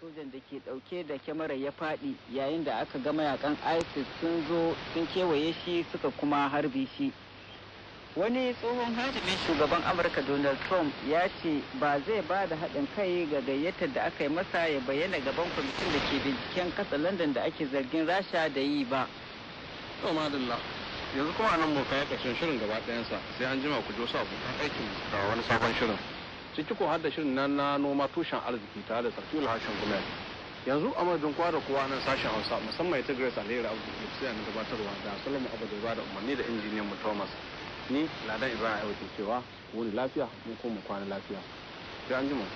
sojan da ke dauke da kyamarar ya fadi yayin da aka ga mayakan isis sun zo sun kewaye shi suka kuma harbi shi wani tsohon hadimin shugaban amurka donald trump ya ce ba zai ba da haɗin kai ga gayyatar da aka yi masa ya bayyana gaban kwamitin da ke binciken kasa london da ake zargin rasha da yi ba yanzu kuma nan mu kai ƙarshen shirin gaba ɗayansa sai an jima ku jo sa aikin ga wani sabon shirin sai ko har da shirin na noma tushen arziki tare da sarfiyul hashin gumel yanzu a madadin kowa da kowa nan sashen hausa musamman ita grace alheri abu da sai na gabatarwa da salamu abu da da umarni da injiniyan mu thomas ni ladan ibrahim aiwatin cewa wuni lafiya mun kuma kwana lafiya sai an jima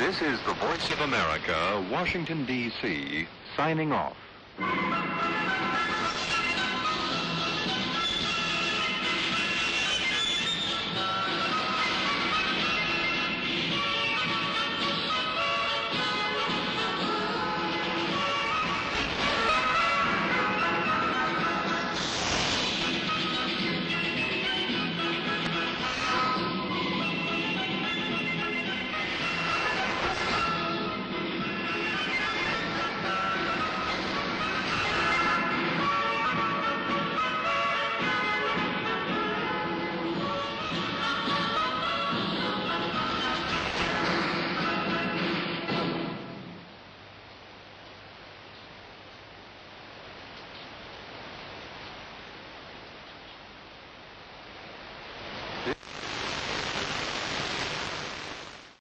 This is the Voice of America, Washington, D.C., signing off.